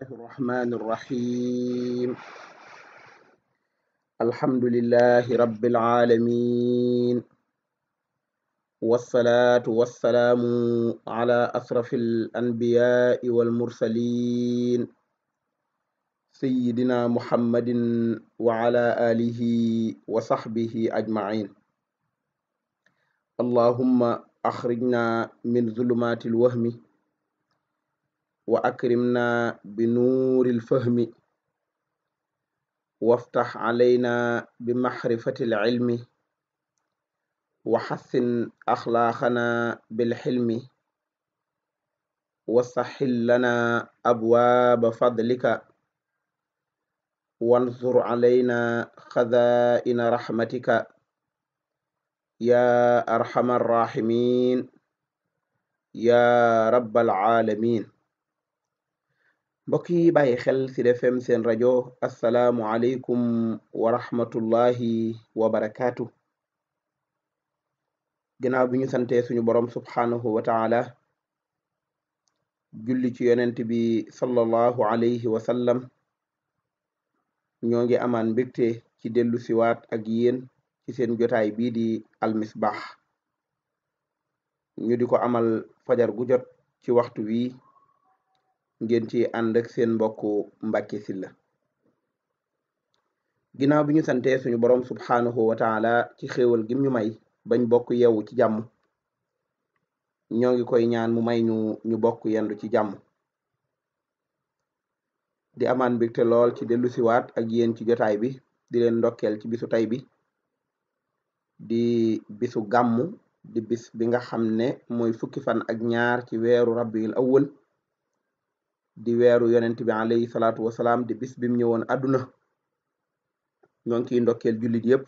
الله الرحمن الرحيم الحمد لله رب العالمين والصلاة والسلام على أشرف الأنبياء والمرسلين سيدنا محمد وعلى آله وصحبه أجمعين اللهم أخرجنا من ظلمات الوهم wa bi nuuril fahmi waftax calayna bi maxrifati alcilmi wa xassin axlaaqana bilxilmi wasaxil lana abwaaba fadlika wansur calayna xazaa'ina raxmatika yaa arxama arraximin yaa rabbal caalamiin mbokk yi bàyyi xel ci Sud FM seen rajo asalaamualeykum wa rahmatullahi wa barakaatu ginnaaw bi ñu sante suñu borom subhaanahu wa taala julli ci yonent bi sallallahu alayhi wa sallam ñoo ngi amaan mbégte ci dellu siwaat ak yéen ci seen jotaay bii di almisbaax ñu di ko amal fajar gu jot ci waxtu wii ngeen ci ànd seen mbokk Mbàkke Sylla ginnaaw bu ñu santee suñu borom subhaanahu wa taala ci xéewal gim ñu may bañ bokk yeewu ci jàmm ñoo ngi koy ñaan mu may ñu ñu bokk yendu ci jàmm di amaan mbégte lool ci dellu siwaat ak yéen ci jotaay bi di leen ndokkeel ci bisu tey bi di bisu gàmm di bis bi nga xam ne mooy fukki fan ak ñaar ci weeru rabiul awwal di weeru yonent bi alayhi salaatu wasalaam di bis bim ñëwoon àdduna ñoo ngi ciy ndokkeel jullit yépp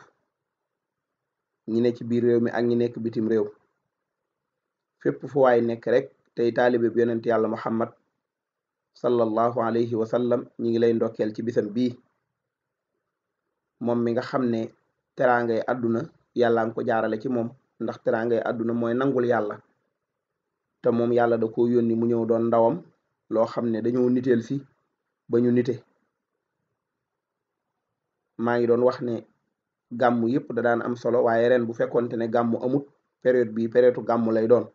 ñi ne ci biir réew mi ak ñi nekk bitim réew fépp fu waay nekk rek tey taalibe bi yonent yàlla muhammad sallallahu alayhi wa sallam ñi ngi lay ndokkeel ci bisam bii moom mi nga xam ne teraangay àdduna yàlla nga ko jaarale ci moom ndax teraangay àdduna mooy nangul yàlla te moom yàlla da ko yónni mu ñëw doon ndawam loo xam ne dañoo niteel fii ba ñu nite maa ngi doon wax ne gàmm yëpp da daan am solo waaye reen bu fekkonte ne gàmm amut période bi période gàmm lay doon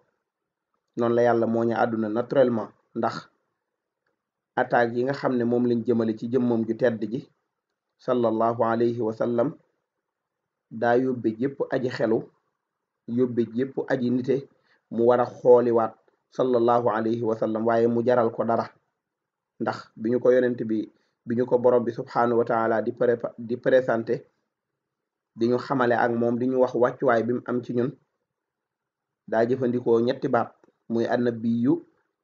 noonu la yàlla moo ñu àdduna naturellement ndax attaques yi nga xam ne moom lañ jëmale ci jëmmam ju tedd ji sallallahu alayhi wa sallam daa yóbbe yëpp aji xelu yóbbe yëpp aji nite mu war a xooliwaat sallallahu alayhi wa sallam waaye mu jaral ko dara ndax bi ñu ko yonent bi bi ko borom bi subhanahu wa taala di pré di présenté di ñu xamale ak moom di ñu wax wàccuwaay bi mu am ci ñun daa jëfandikoo ñetti baat muy annabiyu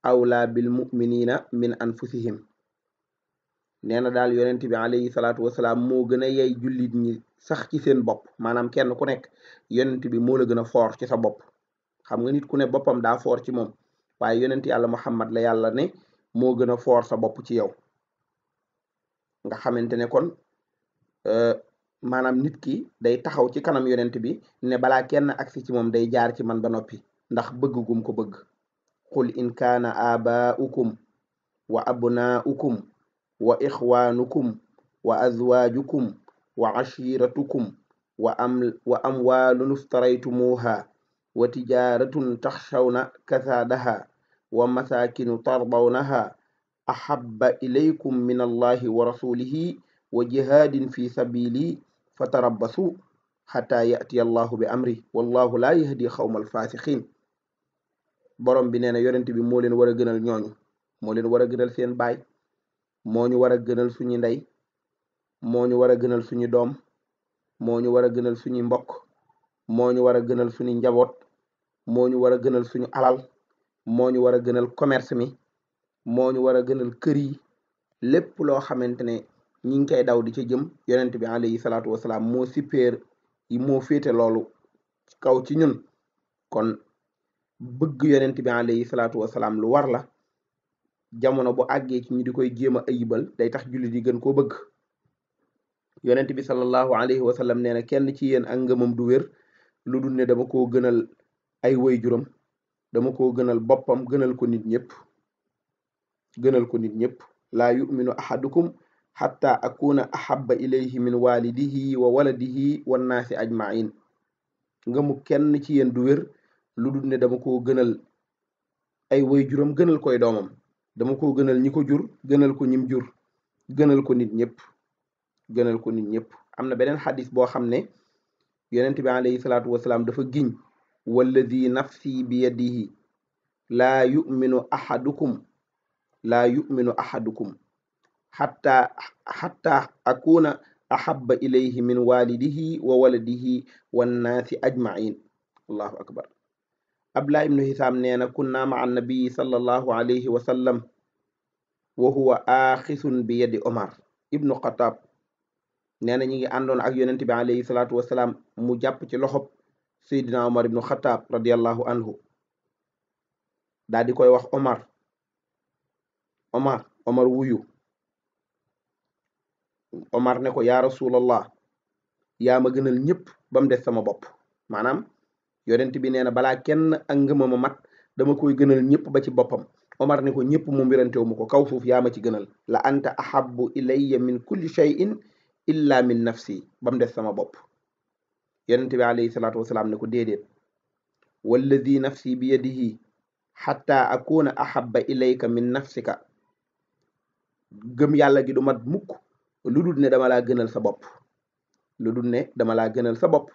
awla bil muminina min anfusihim nee na daal yonent bi alayhi salaatu wasalaam moo gën a yey jullit ñi sax ci seen bopp maanaam kenn ku nekk yonent bi moo la gën a foor ci sa bopp xam nga nit ku ne boppam daa foor ci moom waaye yonent yàlla muhammad la yàlla ne moo gën a foor sa bopp ci yow nga xamante ne kon euh, maanaam nit ki day taxaw ci kanam yonent bi ne balaa kenn agsi ci moom day jaar ci man ba noppi ndax bëgg ko bëgg qul in kaana abaa'ukum wa abnaa'ukum wa ixwaanukum wa azwaajukum wa ashiratukum wa am wa amwaalun wa tijaratun taxshawna kasaadaha wa masakinu tardawnaha ahabba ilaykum min allahi wa rasulihi wa jihaadin fi sabili fa tarabbasu xataa yatiya allahu bi amri wallahu laa yahdi xawma alfaasiqin borom bi nee na yonent bi moo leen war a gënal ñooñu moo leen war a gënal seen baay moo ñu war a gënal suñu ndey moo ñu war a gënal suñu doom moo ñu war a gënal suñu mbokk moo ñu war a gënal suñu njaboot moo ñu war a gënal suñu alal moo ñu war a gënal commerce mi moo ñu war a gënal kër yi lépp loo xamante ne ñi ngi koy daw di ci jëm yonent bi alayhi salaatu wasalaam moo supéer yi moo féete loolu kaw ci ñun kon bëgg yonent bi alayhi salaatu wasalaam lu war la jamono bu àggee ci ñu di koy jéem a ayibal day tax jullit yi gën koo bëgg yonent bi sallallahu alayhi wa sallam nee na kenn ci yéen ak ngëmam du wér lu dul ne dama koo gënal ay juróom dama ko gënal boppam gënal ko nit ñëpp gënal ko nit ñëpp laa yuminu ahadukum xatta akuna ahaba ilayhi min walidihi wa waladihi wa naasi ajmain nga mu kenn ci yéen du wér lu dul ne dama ko gënal ay woy juróom gënal koy doomam dama ko gënal ñi ko jur gënal ko ñim jur gënal ko nit ñëpp gënal ko nit ñëpp am na beneen xadis boo xam ne yonent bi alayhi salaatu wasalaam dafa giñ walladi nafsi biyadihi laa yuminu ahadukum laa yuminu ahadukum xataa xataa akuna ahaba ilayhi min walidihi wa waladihi wannaasi ajmain allahu akbar abdullah ibnu hisaam nee na kunna maa annabii sallallahu alayhi wa sallam wa huwa aaxisun bi yadi omar ibnu xataab nee na ñi ngi àndoon ak yonente bi alayhi salaatu wasalaam mu jàpp ci loxob seydina omar ibnu xataab radiallahu anhu daal koy wax omar omar omar wuyu omar ne ko yaa rasulallah yaa ma gënal ñëpp ba mu des sama bopp maanaam yonent bi nee na balaa kenn ak ma a mat dama koy gënal ñëpp ba ci boppam omar ne ko ñëpp mu mbirantewu mu ko kaw suuf yaa ma ci gënal la anta ahabbu ilayya min kulli shay'in illa min nafsi ba mu des sama bopp yonente bi alayhi salaam ne ko déedéet walladi nafsi bi yadihi xatta akuna ahabba ilayka min nafsika gëm yàlla gi du mat muk lu dul ne dama laa gënal sa bopp lu dul ne dama laa gënal sa bopp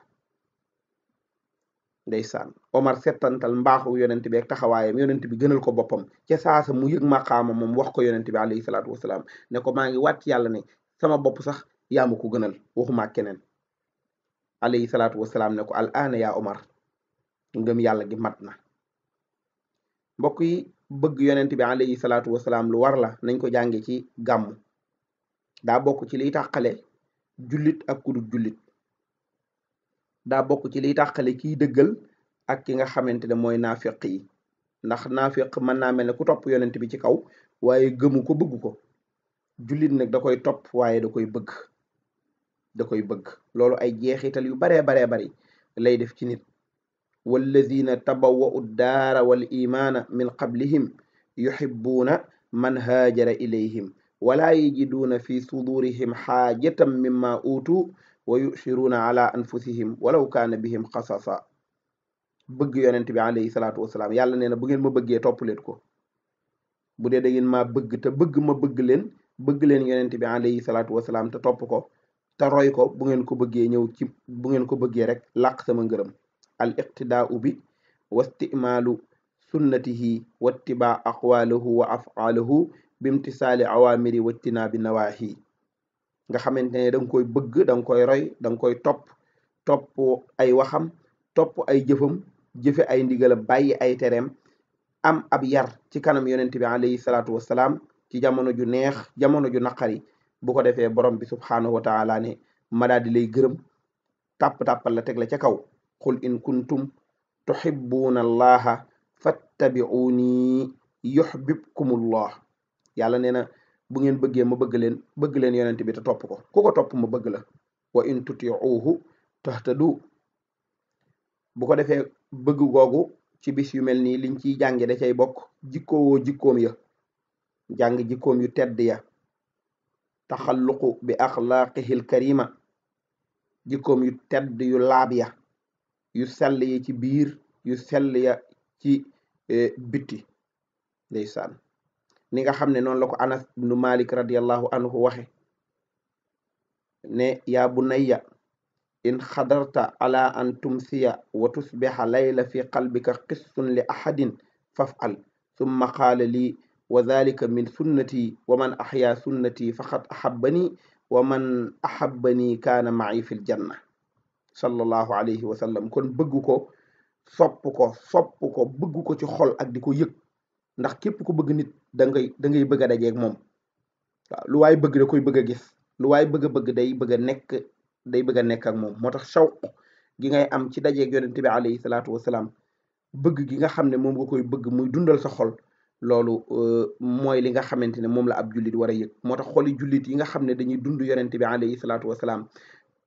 ndeysaan Omar settantal mbaaxu yonent bi ak taxawaayam yonent bi gënal ko boppam ca saasa mu yëg maqaama moom wax ko yonent bi alayhi salaatu wasalaam ne ko maa ngi wàcc yàlla ne sama bopp sax yaa ma ko gënal waxuma keneen alayhi salaatu wasalaam ne ko al aana yaa omar ngëm yàlla gi mat na mbokk yi bëgg yonent bi alayhi salaatu wasalaam lu war la nañ ko jànge ci gàmmu daa bokk ci liy tàqale julit ak kudub julit daa bokk ci liy tàqale kiy dëggal ak ki nga xamante ne mooy naafiq yi ndax naafiq mën naa mel ne ku topp yonent bi ci kaw waaye gëmu ko bëgg ko jullit nag da koy topp waaye da koy bëgg da koy bëgg loolu ay jeexital yu baree baree bari lay def ci nit walladina tabawwa'u daara wal imaana min qablihim yuhibbuuna man haajara ilayhim wala yajiduuna fi sudurihim xaajatan mimma utu wa yusiruuna ala anfusihim walaw kaana bihim xasasa bëgg yonent bi alayhi salaatu wasalaam yàlla nee na bu ngeen ma bëggee topp leen ko dee da ngeen bëgg te bëgg ma bëgg leen bëgg leen yonent bi alayhi salaatu wasalaam topp ko te roy ko bu ngeen ko bëggee ñëw ci bu ngeen ko bëggee rek làq sama ngërëm al iqtidaau bi wa istimaalu sunnatihi wa ittibaa aqwaalahu wa afaalahu bimtisaali awaamiri wa tinaabi nawaahi nga xamante ne da koy bëgg da nga koy roy da nga koy topp topp ay waxam topp ay jëfam jëfe ay ndigalam bàyyi ay tereem am ab yar ci kanam yonent bi alayhi salaatu wasalaam ci jamono ju neex jamono ju naqari bu ko defee borom bi subhaanahu wa taala ne ma daal di lay gërëm tàpp-tàppal la teg la ca kaw qul in kuntum tuhibbuuna allaha fattabi'uuni yuhbibkumullah yàlla nee na bu ngeen bëggee ma bëgg leen bëgg leen yonent bi te topp ku ko topp ma bëgg la wa in tuti'uuhu du bu ko defee bëgg googu ci bis yu mel nii liñ ciy jànge da cay bokk jikkoowoo jikkoom ya jàng jikkoom yu tedd ya taxalluqu bi axlaaqihil karima jikkoom yu tedd yu laab yu sell ci biir yu sell ci eh, bitti ndeysaan ni nga xam ne noonu la ko anas ibnu malik radiallahu anhu waxe ne yaa in xadarta ala an tumsiya wa tusbixa layla fi qalbika qissun li ahadin fafal summa qaala lii wa dalika min sunnati wa man axyaa sunnati faqad axabbani wa man axabbani kaana maci fil janna sallallahu alayhi wa sallam kon bëgg ko sopp ko sopp ko bëgg ko ci xol ak di ko yëg ndax képp ku bëgg nit da ngay da ngay bëgg a dajeeg moom waaw lu waay bëgg da koy bëgg a gis lu waay bëgg bëgg day bëgg a nekk day bëgg a nekk ak moom moo tax shawq gi ngay am ci dajeeg yonente bi alayhi salaatu wasalaam bëgg gi nga xam ne moom nga koy bëgg muy dundal sa xol loolu euh, mooy li nga xamante ne moom la ab jullit war a yëg moo tax xoli jullit yi nga xam ne dañuy dund yonent bi alayhi salaatu wasalaam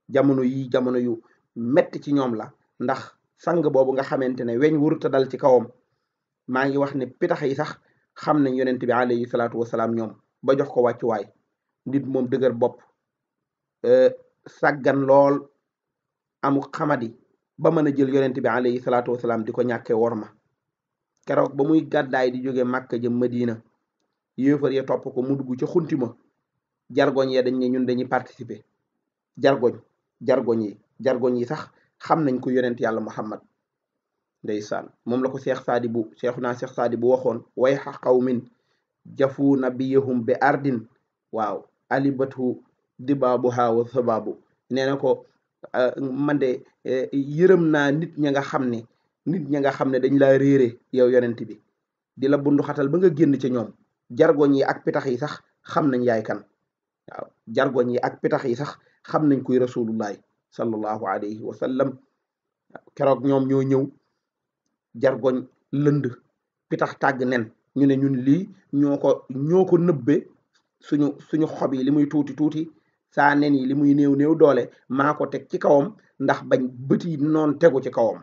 jamono yi jamono yu metti ci ñoom la ndax sang boobu nga xamante ne weñ wuruta ci kawam maa ngi wax ne pitax yi sax xam nañ yonent bi alayhi salaatu wasalaam ñoom ba jox ko wàccuwaay nit moom dëgër bopp euh, sàggan lool am xamadi ba mën a jël yonent bi alayhi salaatu wasalaam di ko ñàkkee ma keroog ba muy gàddaay di jóge màkka jëm madina yéefar ya topp ko mu dugg ca xunti ma jargoñ ya dañ ne ñun dañuy participer jargoñ jargoñ yi jargoñ yi sax xam nañ ko yonent yàlla muhammad ndeysaan moom la ko seex saadi bu seexu naa seex saadi bu waxoon way xa qawmin jafu nabiyahum bi ardin waaw alibatu dibaabu haawa sababu nee na ko ah, man eh, yërëm naa nit ña nga xam ne nit ñi nga xam ne dañ la réere yow yonent bi di la bundu xatal ba nga génn ca ñoom jargoñ yi ak pitax yi sax xam nañ yaay kan waaw yi ak pitax yi sax xam nañ kuy rasulullahi sallallahu alayhi wa sallam keroog ñoom ñoo ñëw jargoñ lënd pitax tàgg nen ñu ne ñun lii ñoo ko ñoo ko nëbbe suñu suñu xob yi li muy tuuti tuuti saa nen li muy néew néew doole maa ko teg ci kawam ndax bañ bët yi noon tegu ci kawam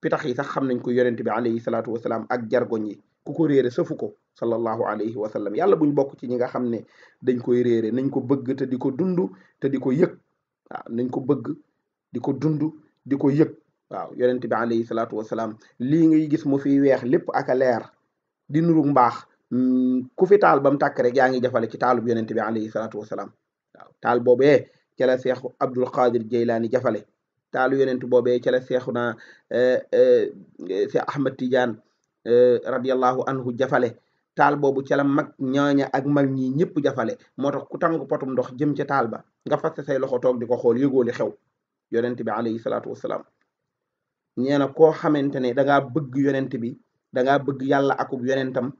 pitax yi sax xam nañ ko yonent bi alayhi salaatu wasalaam ak jargo yi ku ko réere safu ko sallallahu alayhi wa sallam yàlla buñ bokk ci ñi nga xam ne dañ koy réere nañ ko bëgg te di ko dund te di ko yëg nañ ko bëgg di ko dund di ko yëg waaw yonent bi alayhi salaatu wasalaam lii ngay gis mu fi weex lépp ak a leer di nuru mbaax hmm, ku fi taal ba mu tàkk rek yaa ngi jafale ci taalub yonent bi alayhi salaatu wasalaam waaw taal boobee ca la seex abdul qadir jeylaani jafale taalu yonent boobee ca la seexuna eh, eh, Seex Ahmad Tidiane eh, radiallahu anhu jafale taal boobu ca mag ñaaña ak mag ñi ñëpp jafale moo tax ku tàng potum ndox jëm ca taal ba nga fas sey loxo toog di ko xool yëgooli xew yonent bi alayhi salaatu wasalaam ñee na koo xamante ne danga bëgg yonent bi da ngaa bëgg yàlla akub yonentam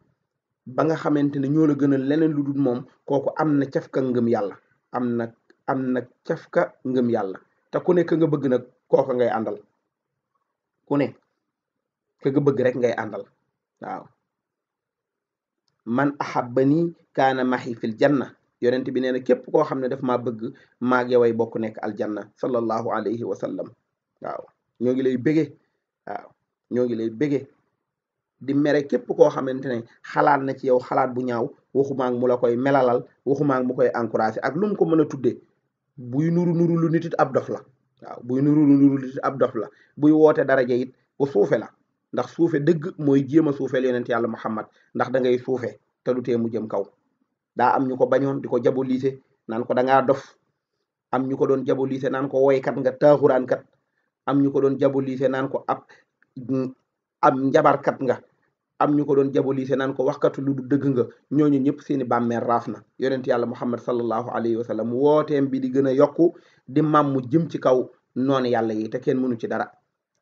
ba nga xamante ne ñoo la gënal leneen lu dul moom kooku am na cafka ngëm yàlla am na am na cafka ngëm yàlla te ku ne nga bëgg nag kooka ngay àndal ku ne ka bëgg rek ngay àndal waaw man ahabbani kaana maxi fil janna yonent bi nee na képp koo xam ne daf ma bëgg maag way bokk nekk aljanna sallallahu alayhi wa sallam waaw ñoo ngi lay bëgge ñoo ngi lay bëgge di mere képp koo xamante ne xalaat na ci yow xalaat bu ñaaw waxumaag mu la koy melalal waxumaag mu koy encouragé ak lu mu ko mën a tuddee buy nuru nuru lu nit it ab dof la waaw buy nuru lu nuru lu nit ab dof la buy woote daraja it bu suufe la ndax suufe dëgg mooy jéem a suufeel yonent yàlla muhammad ndax da ngay suufe te du tee mu jëm kaw daa am ñu ko bañoon di ko jabolise naan ko da ngaa dof am ñu ko doon jabolise naan ko woykat nga taaxuraan kat am ñu ko doon jabolise naan ko ab am mm, njabarkat nga am ñu ko doon jabolise naan ko waxkatu lu du dëgg nga ñooñu ñëpp seeni bàmmeel raaf na yonent yàlla muhammad sallallahu alayhi wa woo wooteem bi di gën a yokku di mam mu jëm ci kaw noonu yàlla yi te kenn mënu ci dara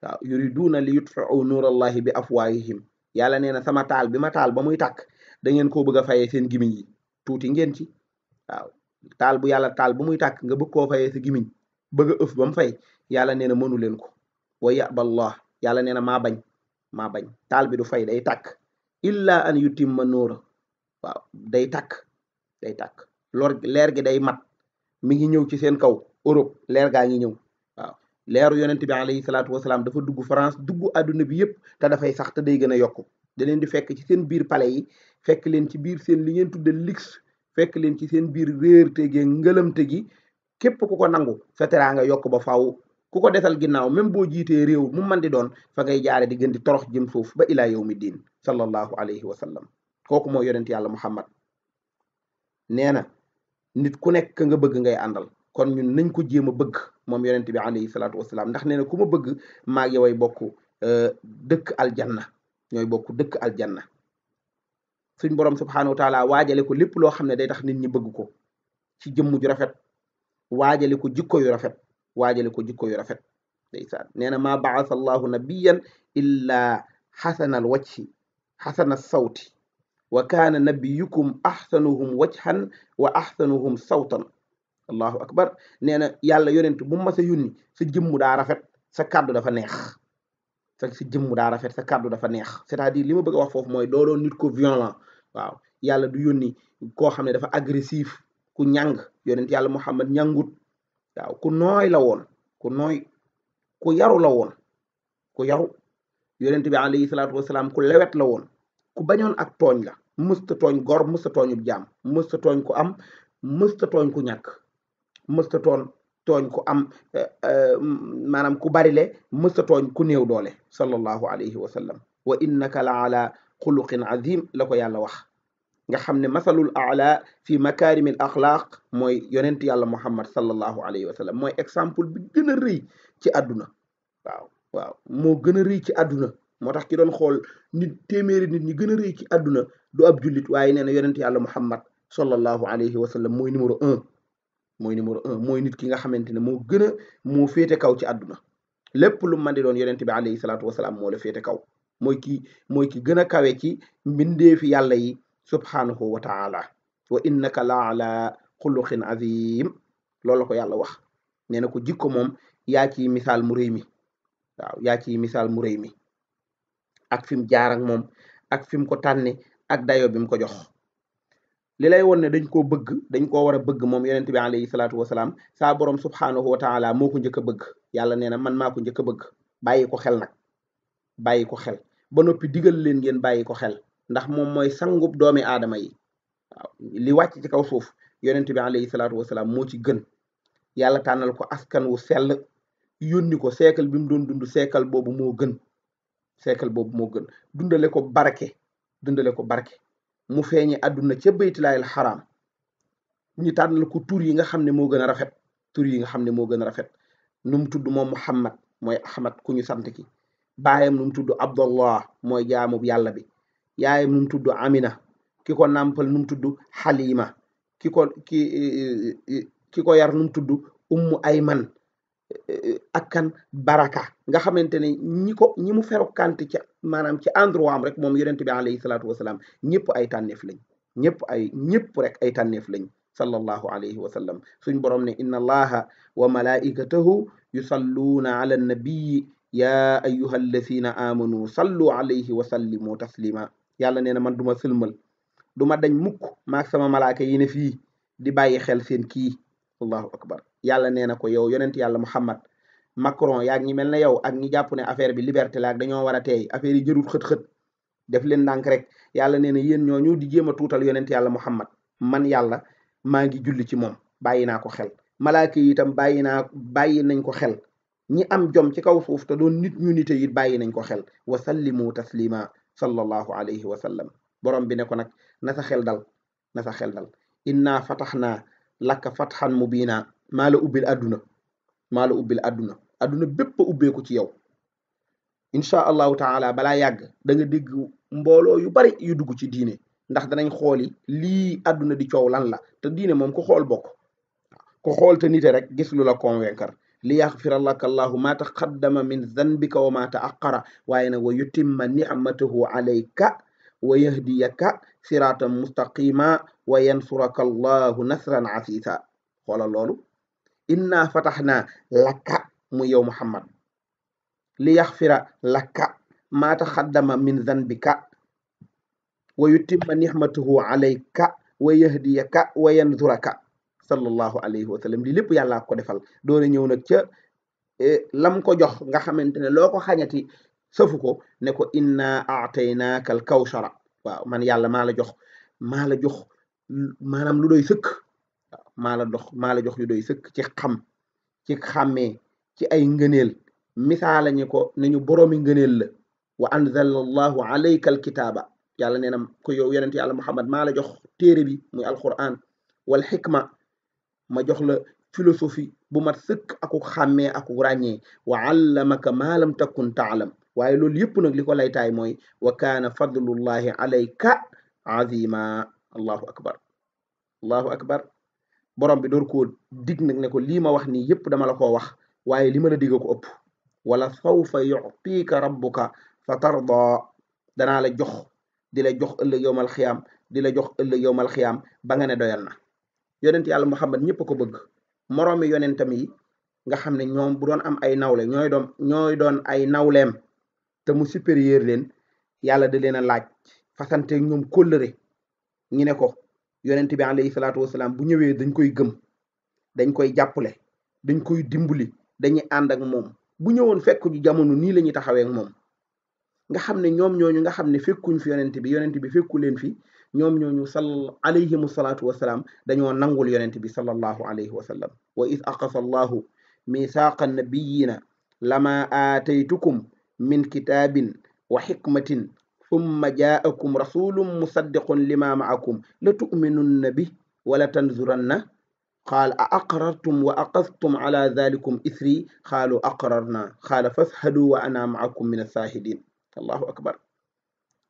waaw yuriduuna li yutfiu nuurallahi bi afwaayihim yàlla nee na sama taal bi ma taal ba muy takk da ngeen koo bëgg a fayee seen gimiñ yi tuuti ngeen ci waaw taal bu yàlla taal ba muy tàkk nga bëgg koo fayee sa gimiñ bëgg a ëf ba mu fay yàlla nee na mënu leen ko wa yàballah yàlla ma bañ taal bi du fay day tàkk illa an yutimma nuura waaw day takk day tàkk lor leer gi day mat mi ngi ñëw ci seen kaw Europe leer gaa ngi ñëw waaw leeru yonent bi alayhi salaatu wasalaam dafa dugg France dugg àdduna bi yépp te dafay sax te day gën a yokku da di fekk ci seen biir pale yi fekk leen ci biir seen li ngeen tudde luxe fekk leen ci seen biir réer tege ngëlamte gi képp ku ko nangu sa teraanga yokk ba faw ku ko desal ginnaaw même boo jiitee réew mu man di doon fa ngay jaare di gën torox jëm suuf ba ilaa yawmi diin sallallahu alayhi wa sallam kooku moo yonent yàlla muhammad nee na nit ku nekk nga bëgg ngay àndal kon ñun nañ ko jéem a bëgg moom yonent bi alayhi salaatu wasalaam ndax nee na ku ma bëgg maag yoway bokk euh, dëkk aljanna ñooy bokk dëkk aljanna suñ borom subhaanahu wa taala waajale ko lépp loo xam ne day tax nit ñi bëgg ko ci jëmm ju rafet waajale ko jikko yu rafet waajale ko jikko yu rafet ndeysaan nee na maa baasa allahu nabiyan illaa xasana al wajhi xasana sawti wa kaana nabiyukum axsanuhum wajhan wa axsanuhum sawtan allahu akbar nee na yàlla yonent bu ma sa yónni sa daa rafet sa kàddu dafa neex sa sa jëmmu daa rafet sa kàddu dafa neex c'est-à-dire li ma bëgg wax foofu mooy doo doon nit ko violent waaw yàlla du yónni koo xam ne dafa agressif ku ñàng yonent yàlla muhammad ñàngut waaw ku nooy la woon ku nooy ku yaru la woon ku yaru yonent bi alayhi salaatu wasalaam ku lewet la woon ku bañoon ak tooñ la mësta tooñ gor mësta tooñub jaam mësta tooñ ku am mësta tooñ ku ñàkk mësta tooñ ku am eh, eh, maanaam ku bari le mësta tooñ ku néew doole sallallahu alayhi wa sallam wa innaka la ala xuluqin azim la ko yàlla wax nga xam ne masalul ala fi makarimil axlaaq moy yonent yàlla muhammad sallallahu alayhi wa sallam mooy exemple bi gën a rëy ci àdduna waaw waaw moo gën a rëy ci àdduna moo tax ki doon xool nit téeméeri nit ñi gën a rëy ci àdduna du ab jullit waaye nee na yonent yàlla muhammad sallallahu alayhi wa sallam mooy numéro un mooy numéro un mooy nit ki nga xamante ne moo gën a moo féete kaw ci àdduna lépp lu man di doon yonent bi alayhi salaatu wasalaam moo la féete kaw mooy mooy ki gën a kawe ci mbindeefi yàlla yi subhanahu wa taala wa innaka la ala xuluqin azim loolu la ko yàlla wax nee na ko jikko moom yaa ci misaal mu réy mi waaw yaa ci misaal mu réy mi ak fi mu jaar ak moom ak fi mu ko tànne ak dayo bi mu ko jox li lay woon ne dañ koo bëgg dañ koo war a bëgg moom yonent bi alayhi salaatu wasalaam saa borom subhaanahu wa taala moo ko njëkk a bëgg yàlla na man maa ko njëkk a bëgg bàyyi ko xel nag bàyyi ko xel ba noppi digal leen ngeen bàyyi ko xel ndax moom mooy sangub doomi aadama yi waaw li wàcc ci kaw suuf yonent bi alayhi salaatu wasalaam moo ci gën yàlla tànnal ko askan wu sell yónni ko seekal bi mu doon dund seekal boobu moo gën seekal boobu moo gën dundale ko barke dundale ko barke mu feeñe àdduna ca baytilaayil xaraam ñu tànnal ko tur yi nga xam ne moo gën a rafet tur yi nga xam ne moo gën a rafet nu mu tudd moom muhammad mooy ahmad ku ñu sant ki baayam nu mu tudd abdallah mooy jaamub yàlla bi yaayam nu tudd Amina ki ko nàmpal nu mu tudd Halima ki ko ki ki ko yar nu mu tudd Ummu Ayman e, e, ak kan Baraka nga xamante ni ñi ko ñi mu ferokante ci maanaam ci endroit am rek moom yonente bi alayhi salaatu wasalaam ñëpp ay tànneef lañ ñëpp ay ñëpp rek ay tànneef lañ sallallahu alayhi wa sallam suñ borom ne inna allaha wa malaikatahu yusalluuna ala annabiyi ya ayuha allazina amanu sallu alayhi wa sallimu taslima yàlla nee na man duma ma sëlmal du ma dañ mukk maag sama malaaka yi ne fii di bàyyi xel seen kii allahu akbar yàlla nee na ko yow yonent yàlla muhammad Macron yaag ñi mel na yow ak ñi jàpp ne affaire bi liberté la dañoo war a teey affaire yi jërul xët def leen ndànk rek yàlla nee na yéen ñooñu di jéem a tuutal yonent yàlla muhammad man yàlla maa ngi julli ci moom bàyyi naa ko xel malaaka yi itam bàyyi naa bàyyi nañ ko xel ñi am jom ci kaw suuf te doon nit ñu nite it bàyyi nañ ko xel wasallimu taslima sallallahu alayhi wa sallam borom bi ne ko nag na sa xel dal na sa xel dal inna fataxnaa lakka fatxan mubiina maa la ubbil àdduna maa la ubbil àdduna àdduna bépp ubbeeku ci yow inchaa allahu taala balaa yàgg da nga dégg mbooloo yu bari yu dugg ci diine ndax danañ xooli lii àdduna di coow lan la te diine moom ko xool bokk ku xool te rek gis lu la convaincre li yaxfira laka allahu maa taqaddama min zanbika wa maa taaqara waaye nag wa yutimma nicmatahu alayka wa yahdiyaka siratan mustaqima wa yansuraka allahu nasran asisa xoola loolu inna fataxnaa lakka mu yow muhammad li yaxfira lakka maa taxaddama min zanbika wa yutimma nicmatahu alayka wa yahdiyaka wa yansuraka sallallahu alayhi wa sallam lii lépp yàllaa ko defal doora ñëw nag ca e, lam ko jox nga xamante ne loo ko xañati safu ko ne ko inna aataynaaka al kawsara waaw man yàlla maa la jox maa la jox maanaam lu doy sëkk maa la dox maa la jox lu doy sëkk ci xam ci xàmmee ci ay ngëneel misaala ñu ko ne ñu boroomi ngëneel la wa anzala allahu alayka alkitaaba yàlla nee na ko yow yonent yàlla muhammad maa la jox téere bi muy alquran wal xikma ma jox la philosophie bu mat sëkk aku xammee aku ràññee wa allamaka ma lam takun taalam waaye loolu yëpp nag li ko laytaay mooy wa kaana fadlullahi alayka azima akbar allahu bi door koo dig nag ne ko lii ma wax nii yëpp dama la koo wax waaye li ma la digg ko ëpp wala sawfa yuctiika rabbuka fa tarda danaa la jox di la jox ëllëg yowmal xiyaam di la jox ëllëg yowmal xiyaam ba nga ne doyal na yonent yàlla Muhammad ñëpp a ko bëgg moroomi yonentam yi nga xam ne ñoom bu doon am ay nawle ñooy doon ñooy doon ay nawleem te mu supérieur leen yàlla da leen a laaj fasante ñoom kóllëre ñi ne ko yonent bi alayhi salaatu wasalaam bu ñëwee dañ koy gëm dañ koy jàppale dañ koy dimbali dañuy ànd ak moom bu ñëwoon fekk ñu jamono nii la ñuy taxawee moom nga xam ne ñoom ñooñu nga xam ne fekkuñ fi yonent bi yonent bi fekku leen fi ñoom ñooñu sal alayhimu salaatu wasalaam dañoo nangul yonent bi sallallahu alayhi wa sallam wa id aqasa allahu misaaqa nabiyina lama aataytukum min kitaabin wa xikmatin summa jaakum rasulun musaddiqun lima maakum la tuminunna bi wala tanzuranna qaal a aqrartum wa aqastum ala dalikum isri qaalu aqrarna qaala fashadu wa ana maakum min ashaahidin allahu akbar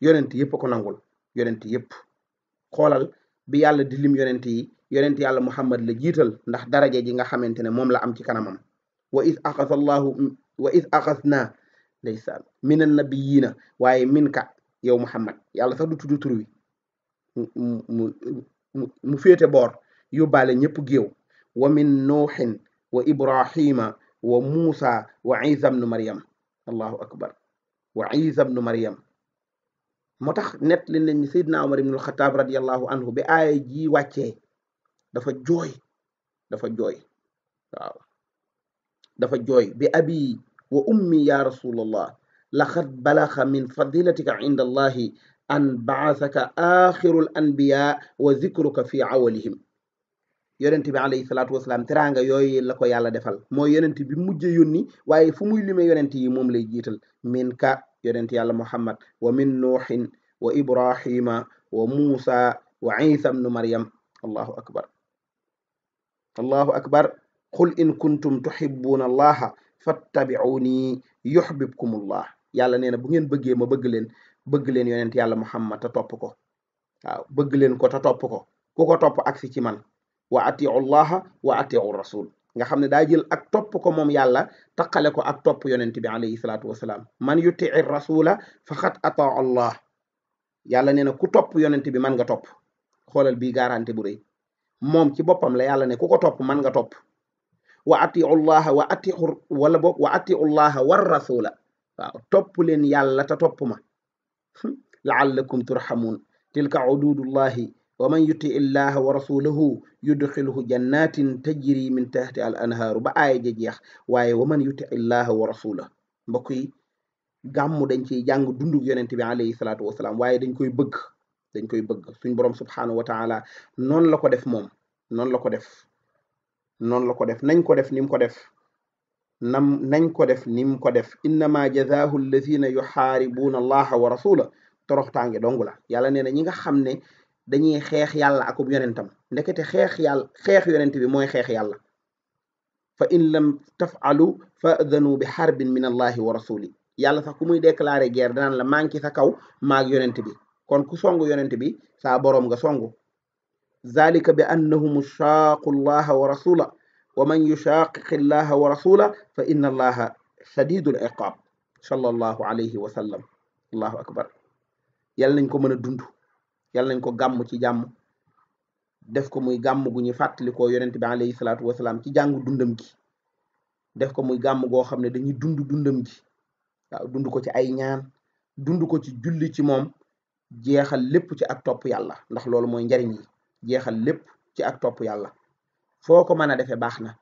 yonent yëpp ko nangul yonent yëpp xoolal bi yàlla di lim yonent yi yonent yàlla muhammad la jiital ndax daraja ji nga xamante ne moom la am ci kanamam wa is axasa allahu wa is axas naa ndeysaan min annabiyiina waaye min ka yow muhammad yàlla sax du tudd tur wi mu mu mu féete boor yóbbaale ñëpp géew wa min nuuxin wa ibrahima wa muusa wa isa bnu maryam allahu akbar wa isa bnu maryam moo tax net li nañ ni Seydina Omar ibnul Xataab radiallahu anhu bi ji wàccee dafa jooy dafa jooy dafa jooy bi abi wa ummi ya rasulallah laqad balaxa min fadilatika inda allahi an baasaka axirul anbiya wa zikruka fi awalihim yonent bi alayhi salaatu wasalaam teraanga yooyu ko yàlla defal mooy yonent bi mujj yónni waaye fu muy limee yonent yi lay jiital min ka yonent yàlla muhammad wa min nuuhin wa ibrahima wa muusa wa isa bnu maryam allahu akbar qul in kuntum tuhibbuuna allaha fattabi'uuni yuhbibkum allah yàlla nee na bu ngeen bëggee ma bëgg leen bëgg leen yonent yàlla muhammad te topp ko waaw leen ko te topp ko ku ko topp ci man wa atiu allaha wa atiu rasul nga xam ne daa jël ak topp ko moom yàlla taqale ko ak topp yonent bi alayhi salaatu wasalaam man yutii rasula faqad ataa allah yàlla ne na ku topp yonent bi man nga topp xoolal bii garanti bu rëy moom ci boppam la yàlla ne ku ko topp man nga topp wa atiu llaha wa atiu wala war rasula waaw topp leen yàlla ta topp ma laallakum turhamun tilka ududullahi wa man yuti illaha wa rasulahu yudxilhu jannatin tajri min tahti al anhaaru ba aaya ja jeex waaye wa man yuti illaha wa rasulahu mbokk yi gàmmu dañ ciy jàng dundug yonente bi alayhi salaatu wasalaam waaye dañ koy bëgg dañ koy bëgg suñ borom subhaanahu wa taala noonu la ko def moom noonu la ko def noonu la ko def nañ ko def ni mu ko def nam nañ ko def ni mu ko def innama jazaahu alladina yuxaaribuuna allaha wa rasula toroxtaange dong la yàlla nee na xam ne dañuy xeex yàlla akub yonentam ndekete xeex yàlla xeex yonent bi mooy xeex yàlla fa in lam tafalu fa adanu bi xarbin min allahi wa rasuli yàlla sax ku muy déclarer guerre danaan la manki sa kaw maag yonent bi kon ku song yonent bi saa boroom nga songu zalika bi annahum shaaqu allaha wa rasula wa man yushaqiqi allaha wa rasula fa inna allaha shadidul iqab sallallahu alayhi wa sallam allahu akbar yàlla nañ ko mën a dund yàlla nañ ko gàmm ci jàmm def ko muy gàmm gu fàttalikoo yonent bi alayhi salaatu wasalaam ci jàngu dundam gi def ko muy gàmm goo xam ne dañuy dund dundam gi dund ko ci ay ñaan dund ko ci julli ci moom jeexal lépp ci ak topp yàlla ndax loolu mooy njariñ yi jeexal lépp ci ak topp yàlla foo ko mën a defee baax na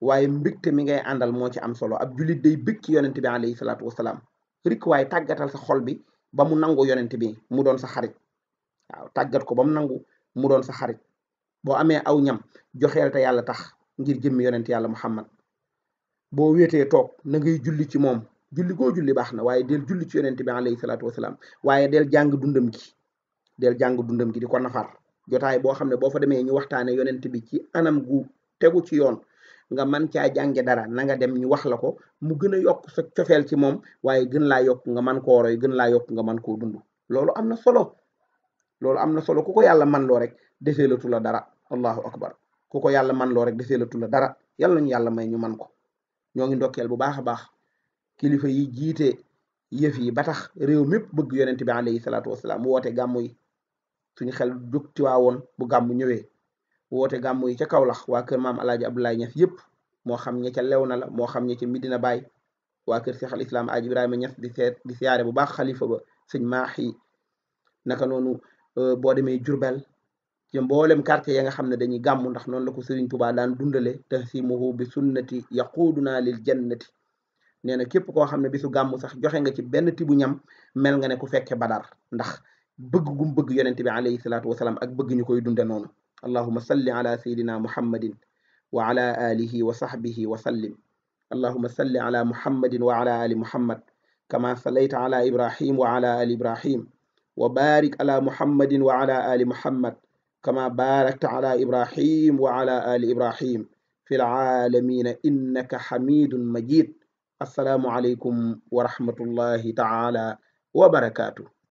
waaye mbégte mi ngay àndal moo ci am solo ab jullit day bég ci yonent bi alayhi salaatu wasalaam rik waaye tàggatal sa xol bi ba mu nangoo yonent bi mu doon sa xarit waaw tàggat ko ba mu nangu mu doon sa xarit boo amee aw ñam joxeel te yàlla tax ngir jëmmi yonent yàlla muhammad boo wéetee toog na ngay julli ci moom julli goo julli baax na waaye del julli ci yonent bi alayhi salaatu wasalaam waaye del jàng dundam gi del jàng dundam gi di ko nafar jotaay boo xam ne boo fa demee ñu waxtaane yonent bi ci anam gu tegu ci yoon nga man caa jànge dara na nga dem ñu wax la ko mu gën a yokk sa cofeel ci moom waaye gën laa yokk nga man koo roy gën laa yokk nga man koo dund loolu am na solo loolu am na solo ku ko yàlla man rek deseelatu la dara allahu akbar ku ko yàlla man rek deseelatu la dara yàlla ñu yàlla may ñu man ko ñoo ngi ndokkeel bu baax a baax kilifa yi jiite yëf yi ba tax réew mépp bëgg yonent bi alayhi salaatu wasalaam woote gàmmu yi suñu xel jóg Tiwaawoon bu gàmmu ñëwee woote gàmmu yi ca Kawlax waa kër maam alaaji Abdoulaye yëpp moo xam ña ca Léona la moo xam ña ca Medina Baay waa kër Cheikh al Islam Aji Ibrahima Ñas di seet di bu baax xalifa ba sëñ maax yi naka noonu Euh, boo demee Jurbel ci mboolem quartier ya nga xam ne dañuy gàmm ndax noonu la ko Sëriñ Tuubaa daan dundale tahsimuhu bi sunnati yaquduna lil jannati nee na képp koo xam ne bisu gàmm sax joxe nga ci benn tibu ñam mel nga ne ku fekke badar ndax bëgg gum bëgg yonente bi alayhi salaatu wasalaam ak bëgg koy dunde noonu allahuma salli ala sayidina muhammadin wa ala alihi wa sahbihi wa sallim allahuma salli ala muhammadin wa ala ali muhammad kama sallayta ala ibrahim wa ala ali ibrahim wa barik ala muhammadin wa ala ali muhammad kama barakta ala ibrahim wa ala ali ibrahim fi laalamina innaka xamidun majid assalaamu aleykum wa rahmatullahi taala wa barakaatu